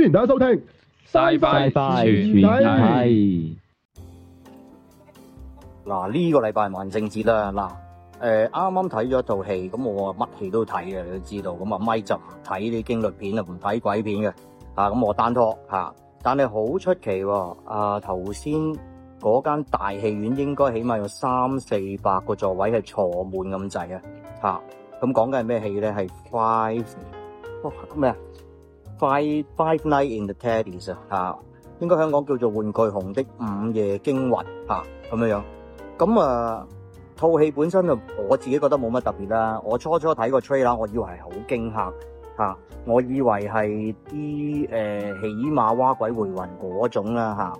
歡迎大家收聽，拜拜拜拜。嗱，呢、這個禮拜萬聖節啦。嗱，誒、呃，啱啱睇咗一套戲，咁我乜戲都睇嘅，你都知道。咁啊，咪就唔睇啲驚慄片啊，唔睇鬼片嘅。啊，咁我單拖吓、啊，但係好出奇。啊頭先嗰間大戲院應該起碼有三四百個座位係坐滿咁滯啊。吓，咁講緊係咩戲咧？係 Five 哦咩啊？《快 Five Nights at Freddy's》啊，應該香港叫做《玩具熊的五夜驚魂》啊，咁樣樣咁啊，套戲本身啊，我自己覺得冇乜特別啦。我初初睇個 trailer，我以為好驚嚇嚇，我以為係啲誒起碼蛙鬼回魂嗰種啦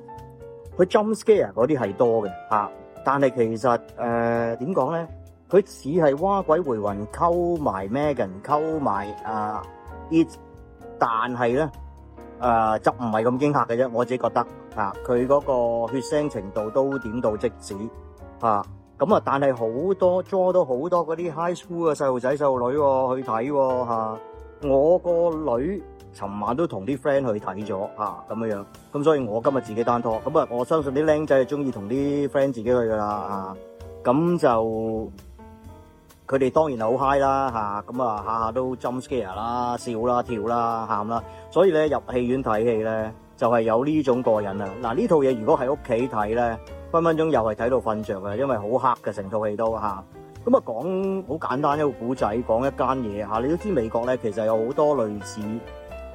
嚇。佢 jump scare 嗰啲係多嘅嚇，但係其實誒點講咧？佢似係蛙鬼回魂溝埋 Megan，溝埋啊 it，但係咧，誒就唔係咁驚嚇嘅啫，我自己覺得嚇，佢、啊、嗰個血腥程度都點到即止嚇。咁啊，但係好多 join 都好多嗰啲 high school 嘅細路仔細路女去睇喎。我個女尋晚都同啲 friend 去睇咗啊，咁樣樣。咁所以我今日自己單拖。咁啊，我相信啲靚仔係中意同啲 friend 自己去㗎啦啊。咁、啊、就。佢哋當然好 high 啦嚇，咁啊下下都 jump scare 啦、笑啦、跳啦、喊啦，所以咧入戲院睇戲咧就係、是、有呢種過癮啊！嗱，呢套嘢如果喺屋企睇咧，分分鐘又係睇到瞓着嘅，因為好黑嘅成套戲都嚇。咁啊講好簡單一個古仔，講一間嘢嚇，你都知美國咧其實有好多類似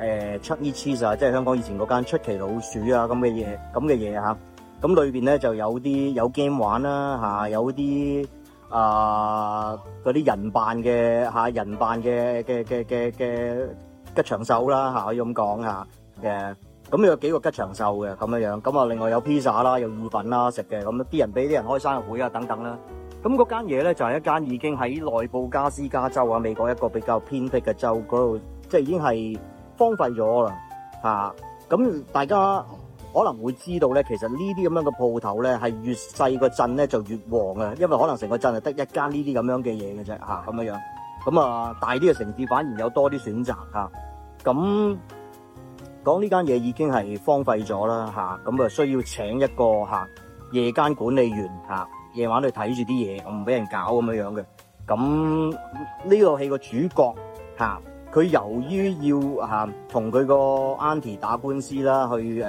誒出呢黐啊，即係香港以前嗰間出奇老鼠啊咁嘅嘢，咁嘅嘢嚇。咁裏邊咧就有啲有 game 玩啦嚇，有啲。啊！嗰啲人扮嘅嚇，人扮嘅嘅嘅嘅嘅吉祥手啦嚇，可以咁講嚇嘅。咁有幾個吉祥手嘅咁樣樣，咁啊另外有披薩啦，有意粉啦食嘅，咁啲人俾啲人開生日會啊等等啦。咁嗰間嘢咧就係一間已經喺內布加斯加州啊，美國一個比較偏僻嘅州嗰度，即係已經係荒廢咗啦嚇。咁大家。可能會知道咧，其實呢啲咁樣嘅鋪頭咧，係越細個鎮咧就越旺啊，因為可能成個鎮係得一間呢啲咁樣嘅嘢嘅啫吓，咁樣樣。咁啊，大啲嘅城市反而有多啲選擇吓。咁講呢間嘢已經係荒廢咗啦吓，咁啊需要請一個吓夜間管理員吓，夜晚去睇住啲嘢，我唔俾人搞咁樣樣嘅。咁呢套戲嘅主角吓。佢由於要啊同佢個 aunty 打官司啦，去誒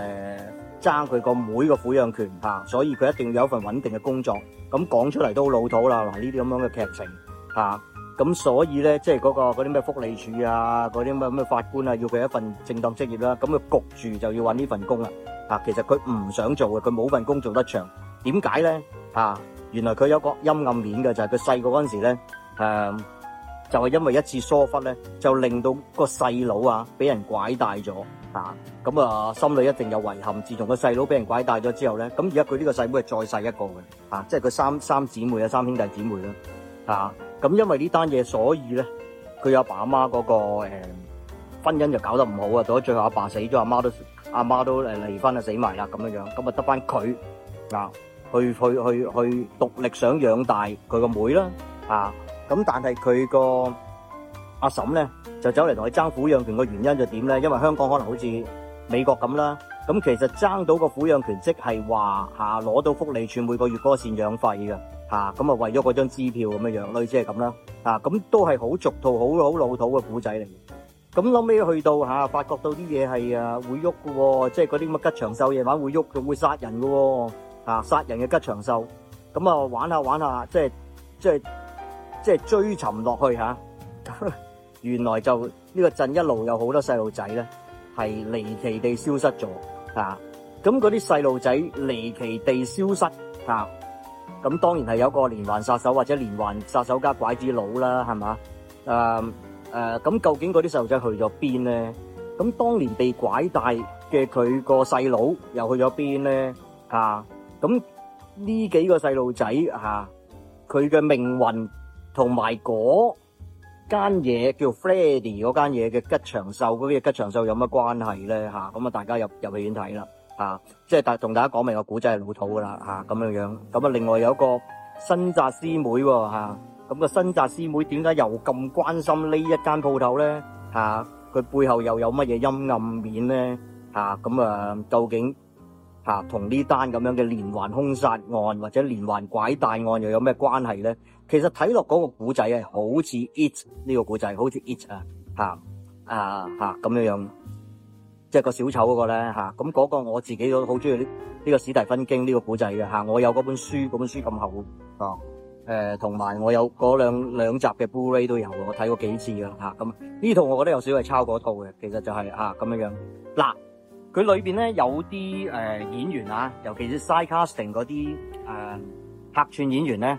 爭佢個妹個撫養權啊，所以佢一定要有一份穩定嘅工作。咁講出嚟都好老土啦，嗱呢啲咁樣嘅劇情嚇，咁所以咧即係嗰個嗰啲咩福利處啊，嗰啲乜乜法官啊，要佢一份正當職業啦。咁佢焗住就要揾呢份工啦。啊，其實佢唔想做嘅，佢冇份工做得長。點解咧？嚇，原來佢有個陰暗面嘅，就係佢細個嗰陣時咧誒，就係因為一次疏忽咧，就令到個細佬啊，俾人拐帶咗，咁啊心裏一定有遺憾。自從個細佬俾人拐帶咗之後咧，咁而家佢呢個細妹係再細一個嘅，啊，即係佢三三姊妹啊，三兄弟姊妹啦，咁，啊啊，因為呢單嘢，所以咧，佢阿爸阿媽嗰個誒、欸、婚姻就搞得唔好啊，到咗最後阿爸，爸死咗，阿媽都阿媽都離婚啊死埋啦咁樣樣，咁啊得翻佢嗱去去去去獨力想養大佢個妹啦，啊。咁但係佢個阿嬸咧就走嚟同佢爭撫養權嘅原因就點咧？因為香港可能好似美國咁啦，咁其實爭到個撫養權即係話嚇攞到福利處每個月嗰個贍養費嘅嚇咁啊，為咗嗰張支票咁樣樣，類似係咁啦啊，咁都係好俗套、好好老土嘅故仔嚟嘅。咁諗尾去到嚇，發覺到啲嘢係啊會喐嘅，即係嗰啲乜吉祥獸夜晚會喐，佢會殺人嘅喎嚇殺人嘅吉祥獸。咁啊玩下玩下，即係即係。即係追尋落去吓、啊，原來就呢個鎮一路有好多細路仔咧，係離奇地消失咗，咁嗰啲細路仔離奇地消失咁、啊、當然係有個連環殺手或者連環殺手加拐子佬啦，係嘛誒誒？咁、啊啊、究竟嗰啲細路仔去咗邊咧？咁當年被拐帶嘅佢個細佬又去咗邊咧？咁、啊、呢幾個細路仔，佢嘅命運。同埋嗰間嘢叫 Freddy 嗰間嘢嘅吉祥獸嗰啲嘢，吉祥獸有乜關係咧？嚇咁啊，大家入入戲院睇啦，嚇即係同大家講明個古仔係老土噶啦，嚇咁樣樣。咁啊，另外有一個新紮師妹喎，嚇咁個新紮師妹點解又咁關心呢一間鋪頭咧？嚇佢背後又有乜嘢陰暗面咧？嚇咁啊，究竟嚇同呢單咁樣嘅連環兇殺案或者連環拐帶案又有咩關係咧？其實睇落嗰個古仔啊，好似 It 呢個古仔，好似 It 啊，吓啊吓咁樣樣，即係個小丑嗰、那個咧吓，咁、啊、嗰、那個我自己都好中意呢呢個史蒂芬京呢個古仔嘅吓，我有嗰本書，嗰本書咁厚啊，誒、啊，同埋我有嗰兩兩集嘅 Blu-ray 都有，我睇過幾次啦吓，咁、啊、呢、啊、套我覺得有少少係抄嗰套嘅，其實就係、是、啊咁樣樣。嗱、啊，佢裏邊咧有啲誒、呃、演員啊，尤其是 Casting 嗰啲誒客串演員咧。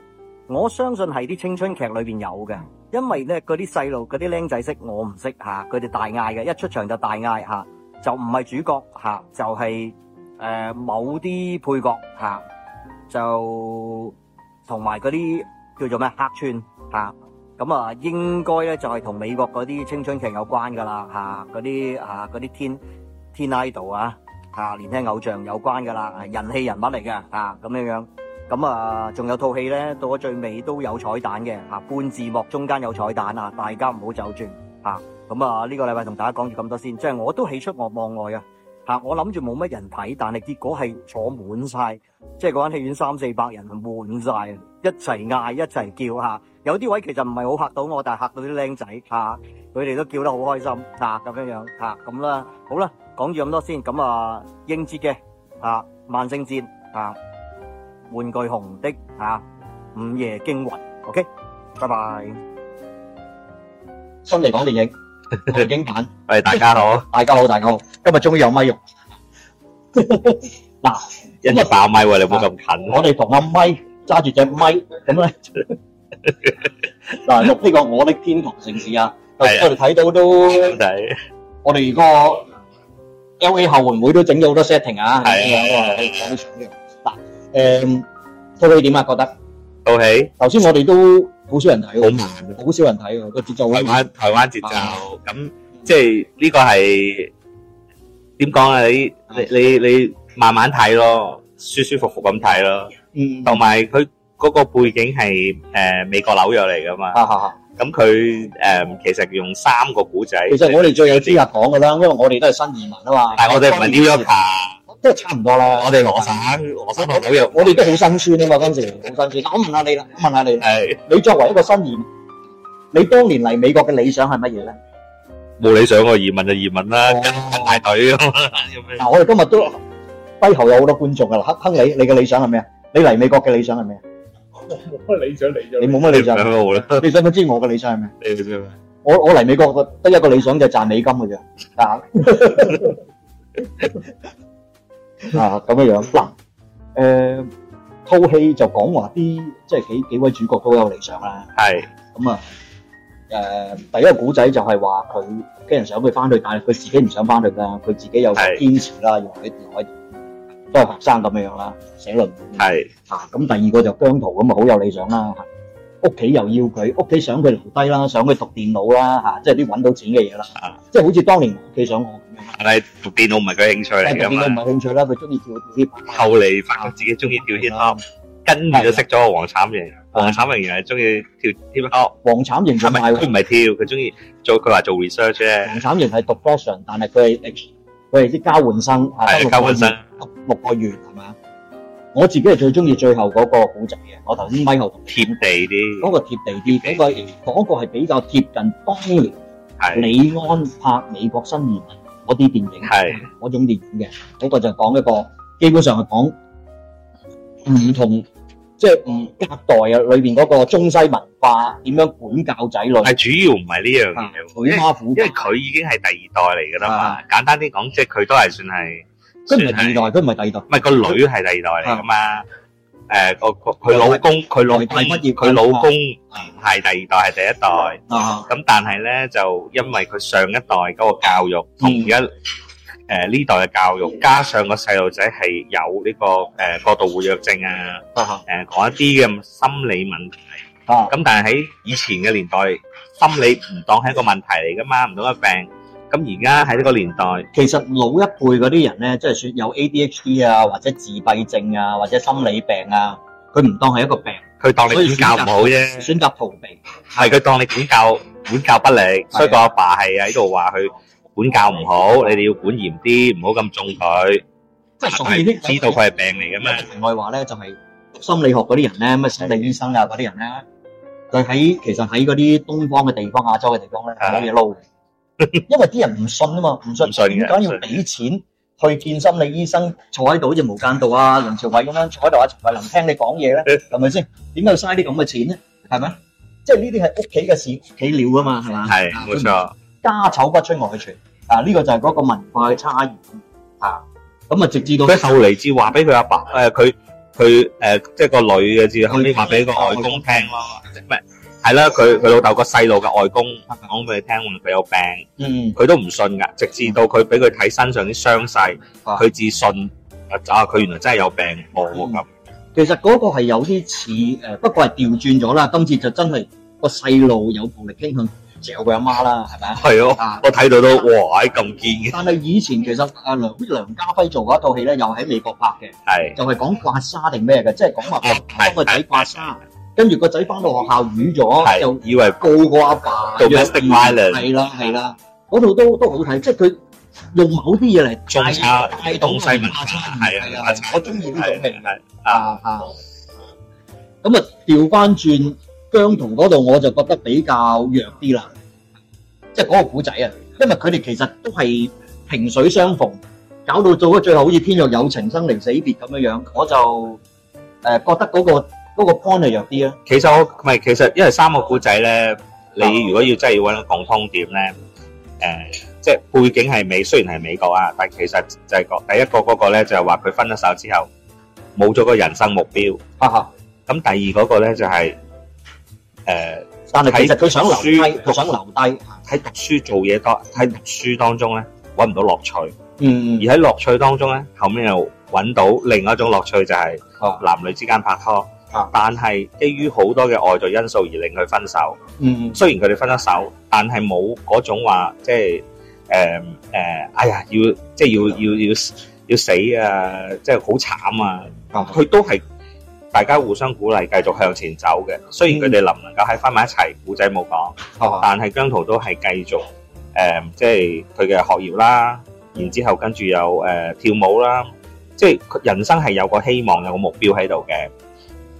我相信係啲青春劇裏邊有嘅，因為咧嗰啲細路、嗰啲僆仔識，我唔識吓，佢哋大嗌嘅，一出場就大嗌吓，就唔係主角吓，就係、是、誒某啲配角吓，就同埋嗰啲叫做咩客串吓，咁啊應該咧就係同美國嗰啲青春劇有關噶啦吓，嗰啲啊嗰啲天天 idol 啊吓年輕偶像有關噶啦，人氣人物嚟嘅吓咁樣樣。咁啊，仲有套戲咧，到咗最尾都有彩蛋嘅吓，半字幕中間有彩蛋啊，大家唔好走轉吓。咁啊，呢、啊這個禮拜同大家講住咁多先，即係我都喜出我望外啊！吓，我諗住冇乜人睇，但係結果係坐滿晒，即係嗰間戲院三四百人滿晒，一齊嗌一齊叫吓、啊。有啲位其實唔係好吓到我，但係吓到啲僆仔吓，佢、啊、哋都叫得好開心吓，咁、啊、樣樣吓，咁、啊、啦，好啦，講住咁多先，咁啊，應節嘅吓，啊《萬聖節》吓、啊。玩具熊的啊五夜驚魂，OK，拜拜。辛尼講電影係經典，喂大家好，大家好，大家好。今日終於有咪用，嗱，一米八米喎，你唔好咁近。我哋同個麥揸住隻咪咁樣，嗱，錄呢個我的天堂城市啊，我哋睇到都，我哋個 LA 後援會都整咗好多 setting 啊。誒，套戲點啊？覺得套戲，頭先我哋都好少人睇，好慢，好少人睇嘅個節奏，台灣台灣節奏咁，即係呢個係點講啊？你你你慢慢睇咯，舒舒服服咁睇咯，嗯，同埋佢嗰個背景係誒美國紐約嚟噶嘛，咁佢誒其實用三個古仔，其實我哋最有資格講噶啦，因為我哋都係新移民啊嘛，但係我哋唔係紐約人。即係差唔多啦。我哋羅生羅生羅老友，我哋都好辛酸啊嘛。當時好辛酸。嗱，我問下你啦，問下你了，係的你作為一個新移民，你當年嚟美國嘅理想係乜嘢咧？冇理想啊，移民就移民啦，跟大隊咯。嗱，我哋今日都背後有好多觀眾噶啦。亨,亨利，你你嘅理想係咩啊？你嚟美國嘅理想係咩啊？我冇乜理想嚟啫。你冇乜理, 理,理想，你想,你想唔知我嘅理想係咩？你想唔知我我嚟美國嘅得一個理想就賺美金嘅啫。賺。 啊，咁樣樣嗱，誒、呃，套戲就講話啲即係幾幾位主角都有理想啦，係是，咁啊，誒、呃，第一個古仔就係話佢啲人想佢翻去，但係佢自己唔想翻去噶，佢自己有堅持啦，用佢用都係學生咁樣樣啦，寫論文，係是，啊，咁第二個就姜濤咁啊，好有理想啦。屋企又要佢，屋企想佢留低啦，想佢讀電腦啦，嚇，即係啲揾到錢嘅嘢啦，即係好似當年屋企想我咁樣。讀電腦唔係佢興趣嚟㗎，電腦唔係興趣啦，佢中意跳跳 skip 後嚟發覺自己中意跳 skip，跟住就識咗個黃慘盈。黃慘盈又係中意跳 skip。黃慘盈唔係，佢唔係跳，佢中意做，佢話做 research 啫。黃慘盈係讀 doctor，但係佢係佢係啲交換生，交換生六個月係嘛？我自己係最中意最後嗰個古仔嘅，我頭先咪後同貼地啲，嗰個貼地啲，嗰個嗰個係比較貼近當年李安拍美國新移民嗰啲電影，嗰的種電影嘅。嗰個就係講一個基本上係講唔同，即係唔隔代啊，裏邊嗰個中西文化點樣管教仔女，係主要唔係呢樣嘢，的因為佢已經係第二代嚟噶啦嘛，的簡單啲講，即係佢都係算係。都唔係第二代，都唔係第二代，唔係個女係第二代嚟噶嘛？誒，個佢老公，佢老乜嘢？佢老公唔係第二代，係第一代。咁但係咧，就因為佢上一代嗰個教育同而家誒呢代嘅教育，加上個細路仔係有呢個誒過度活躍症啊，誒講一啲嘅心理問題。咁但係喺以前嘅年代，心理唔當係一個問題嚟噶嘛，唔當係病。咁而家喺呢個年代，其實老一輩嗰啲人咧，即係算有 ADHD 啊，或者自閉症啊，或者心理病啊，佢唔當係一個病，佢當你管教唔好啫，選擇逃避，係佢的當你管教管教不力，的所以個阿爸係喺度話佢管教唔好，你哋要管嚴啲，唔好咁重佢。即係所以呢，知道佢係病嚟嘅咩？另外話咧，就係、是、心理學嗰啲人咧，咩心理醫生啊嗰啲人咧，佢喺的其實喺嗰啲東方嘅地方、亞洲嘅地方咧，有嘢撈嘅。 因為啲人唔信啊嘛，唔信，點解要俾錢去見心理醫生，坐喺度好似無間道啊梁朝偉咁樣坐喺度啊，陳慧琳聽你講嘢咧，係咪先？點解要嘥啲咁嘅錢咧？係咪？即係呢啲係屋企嘅事企料啊嘛，係嘛？係，冇錯。家醜不出外傳啊！呢個就係嗰個文化嘅差異啊！咁的啊，直至到即係秀妮先話俾佢阿爸，誒，佢佢誒，即係個女嘅先，後尾話俾個外公聽咯，的係啦，佢佢老豆個細路嘅外公講俾你聽，佢有病，佢都唔信噶。直至到佢俾佢睇身上啲傷勢，佢至信啊，查下佢原來真係有病。我其實嗰個係有啲似誒，不過係調轉咗啦。今次就真係個細路有暴力傾向照顧阿媽啦，係咪啊？係咯，我睇到都哇，咁堅嘅。但係以前其實阿梁梁家輝做嘅一套戲咧，又喺美國拍嘅，係就係講刮痧定咩嘅，即係講話幫個仔刮痧。跟住個仔翻到學校，語咗就以為高過阿爸，弱兒，係啦，係啦，嗰度都都好睇，即係佢用某啲嘢嚟帶帶動細明，係啊，我中意呢種名，啊啊，咁啊，調翻轉姜彤嗰度，我就覺得比較弱啲啦，即係嗰個古仔啊，因為佢哋其實都係萍水相逢，搞到到咗最後好似天若有情，生離死別咁樣樣，我就誒覺得嗰個。嗰個 point 係弱啲啊。其實我唔係其實，因為三個故仔咧，你如果真的要真係要揾個共通點咧，誒、呃，即係背景係美，雖然係美國啊，但係其實就係、是、個第一個嗰個咧，就係話佢分咗手之後冇咗個人生目標。嚇嚇、啊。咁、啊、第二嗰個咧就係、是、誒，呃、但係其實佢想留低，佢想留低喺讀書做嘢多，喺讀書當中咧揾唔到樂趣。嗯，而喺樂趣當中咧，後面又揾到另一種樂趣，就係、是、男女之間拍拖。啊啊。但係，基於好多嘅外在因素而令佢分手。嗯，嗯，雖然佢哋分咗手，但係冇嗰種話，即係誒誒，哎呀，要即係要要要要死啊！即係好慘啊！佢、嗯嗯、都係大家互相鼓勵，繼續向前走嘅。雖然佢哋能唔能夠喺翻埋一齊，古仔冇講，但係姜濤都係繼續誒、呃，即係佢嘅學業啦，然之後跟住有誒、呃、跳舞啦，即係佢人生係有個希望，有個目標喺度嘅。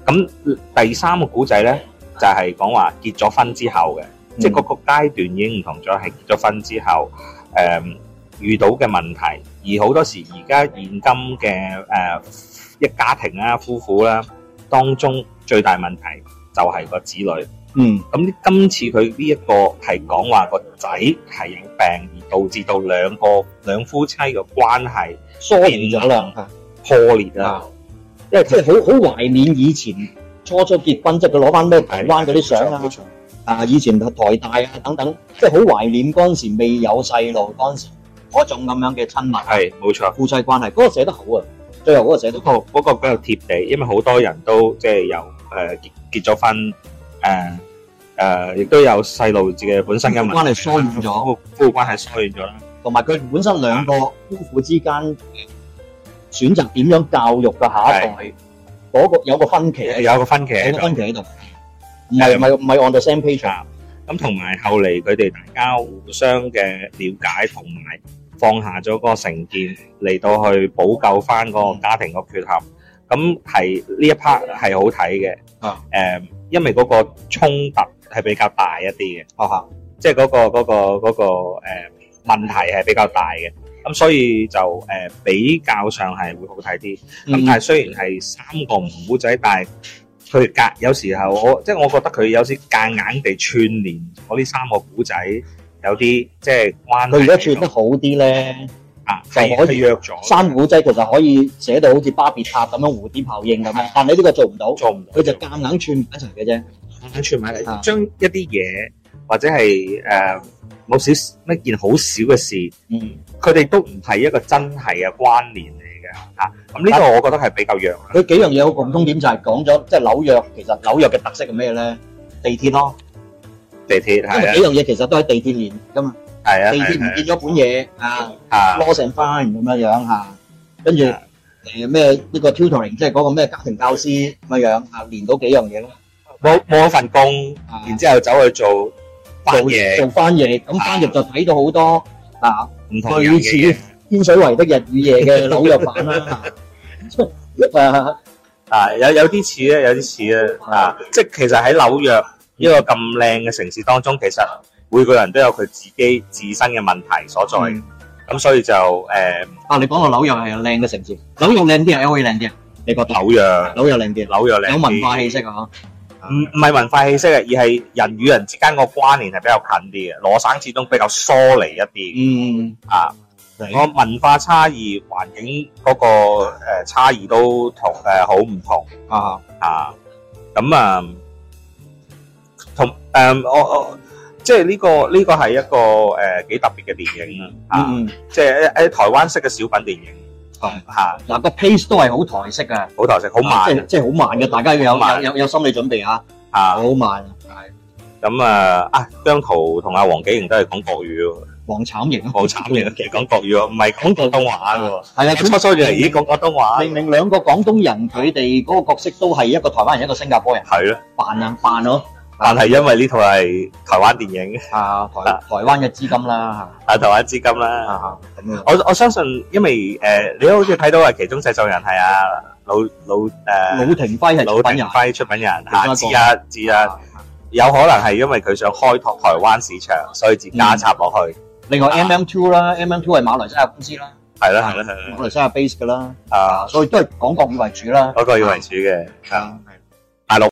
咁第三個古仔呢，就係講話結咗婚之後嘅，即係嗰個階段已經唔同咗，係結咗婚之後誒遇到嘅問題。而好多時而家現今嘅誒一家庭啦、夫婦啦，當中最大問題就係個子女。嗯，咁今次佢呢一個係講話個仔係有病，而導致到兩個兩夫妻嘅關係疏遠咗啦，破裂啦。因為佢好好懷念以前初初結婚，即係佢攞翻咩台灣嗰啲相啊，冇錯冇錯啊，以前台大啊等等，即係好懷念當時未有細路，當時嗰種咁樣嘅親密係，冇錯，夫妻關係，嗰、嗰個寫得好啊，最後嗰個寫得好，嗰、哦嗰個比較貼地，因為好多人都即係由誒、呃、結結咗婚，誒誒亦都有細路嘅本身嘅關係疏遠咗，夫婦關係疏遠咗啦，同埋佢本身兩個夫婦之間。選擇點樣教育嘅下一代嗰的個有個分歧，有個分歧，有個分歧喺度，唔係唔係唔係 on the same page。咁同埋後嚟佢哋大家互相嘅了解，同埋放下咗個成見，嚟到去補救翻個家庭個缺陷。咁係呢一 part 係好睇嘅，誒的，因為嗰個衝突係比較大一啲嘅，即係嗰個嗰、嗰個嗰、嗰個誒、嗰個、問題係比較大嘅。咁、嗯、所以就誒、呃、比較上係會好睇啲，咁、嗯、但係雖然係三個唔同古仔，但係佢隔有時候我即係我覺得佢有時夾硬地串連我呢三個古仔有啲即係關係嚟。佢如果串得好啲咧，啊就可以約咗三古仔，其實可以寫到好似巴別塔咁樣蝴蝶效應咁樣，但係你呢個做唔到，做唔到，佢就夾硬、硬串埋一齊嘅啫，串埋嚟，齊、啊、將一啲嘢。或者係誒冇少一件好少嘅事，嗯，佢哋都唔係一個真係嘅關聯嚟嘅嚇。咁呢個我覺得係比較弱。佢幾樣嘢好共通點就係講咗，即係紐約其實紐約嘅特色係咩咧？地鐵咯，地鐵因為啊。幾樣嘢其實都喺地鐵連㗎嘛。係啊，地鐵唔見咗本嘢啊，Lost and Found 咁樣樣嚇，跟住誒咩呢個 tutoring 即係嗰個咩家庭教師咁樣樣嚇，連到幾樣嘢咯。冇冇一份工，然之後走去做。做嘢做翻嘢，咁翻入就睇到好多啊，唔同嘢嘅。似天水圍的日與夜嘅紐約版啦，啊有有啲似咧，有啲似咧啊！即係其實喺紐約呢個咁靚嘅城市當中，其實每個人都有佢自己自身嘅問題所在。咁所以就誒啊，你講到紐約係靚嘅城市，紐約靚啲定 LA 靚啲啊？你覺得紐約，紐約靚啲，紐約靚，有文化氣息啊！唔唔係文化氣息嘅，而係人與人之間個關聯係比較近啲嘅。羅省始終比較疏離一啲，嗯，啊，我的文化差異、環境嗰個誒差異都同誒好唔同啊啊，咁啊，啊啊嗯、同誒、啊、我我即係呢、呢個呢、呢個係一個誒幾、呃、特別嘅電影、嗯、啊，即係誒誒台灣式嘅小品電影。嚇！嗱個 pace 都係好台式啊，好台式，好慢，即即係好慢嘅。大家要有有有心理準備啊！好慢，係咁啊！啊，姜濤同阿黃景瑩都係講國語喎，黃慘瑩，黃慘瑩啊。其實講國語啊，唔係講廣東話嘅喎。係啊，初初以為咦講廣東話，明明兩個廣東人，佢哋嗰個角色都係一個台灣人，一個新加坡人，係咯，扮啊扮哦。但係因為呢套係台灣電影，啊台台灣嘅資金啦，啊台灣資金啦。我我相信，因為誒，你都好似睇到啊，其中製作人係啊老老誒，老庭輝係出品人，之一啊之一啊，有可能係因為佢想開拓台灣市場，所以至加插落去。另外 M M Two 啦，M M Two 係馬來西亞公司啦，係啦係啦係啦，馬來西亞 base 噶啦，啊，所以都係講國語為主啦，國語為主嘅。